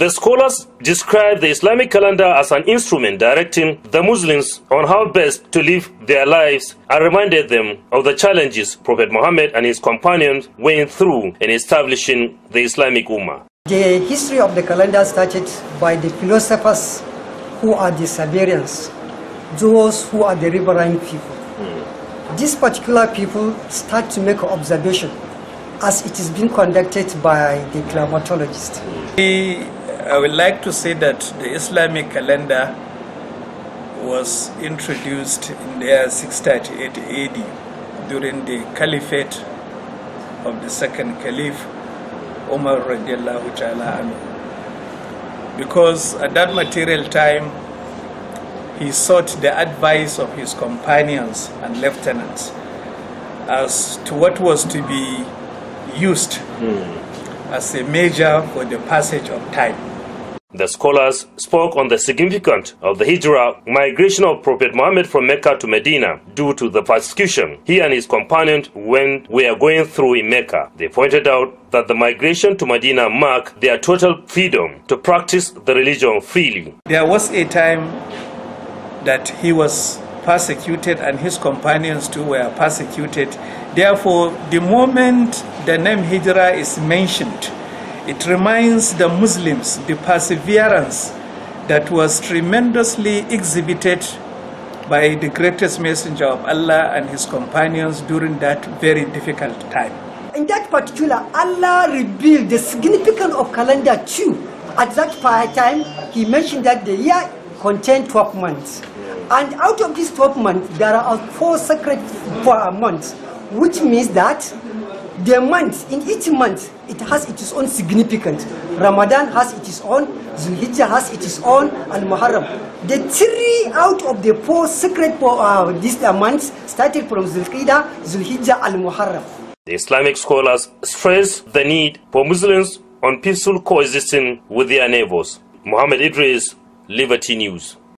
The scholars describe the Islamic calendar as an instrument directing the Muslims on how best to live their lives and reminded them of the challenges Prophet Muhammad and his companions went through in establishing the Islamic Ummah. The history of the calendar started by the philosophers who are the Siberians, those who are the riverine people. Mm. These particular people start to make observation as it is being conducted by the climatologist. The I would like to say that the Islamic calendar was introduced in the year 638 AD during the caliphate of the second caliph Umar radiallahu ta'ala anhu. Because at that material time, he sought the advice of his companions and lieutenants as to what was to be used mm. as a measure for the passage of time. The scholars spoke on the significance of the hijrah migration of Prophet Muhammad from Mecca to Medina due to the persecution he and his companions went, are going through in Mecca. They pointed out that the migration to Medina marked their total freedom to practice the religion freely. There was a time that he was persecuted and his companions too were persecuted. Therefore, the moment the name hijrah is mentioned, it reminds the Muslims the perseverance that was tremendously exhibited by the greatest messenger of Allah and his companions during that very difficult time. In that particular, Allah revealed the significance of calendar too. At that time, he mentioned that the year contained 12 months. And out of these 12 months, there are four sacred four months, which means that the month, in each month, it has its own significance. Ramadan has its own, Zulhijjah has its own, and Muharram. The three out of the four sacred uh, these uh, months started from Zulqidah, Zulhijjah, and Muharram. The Islamic scholars stress the need for Muslims on peaceful coexisting with their neighbors. Muhammad Idris, Liberty News.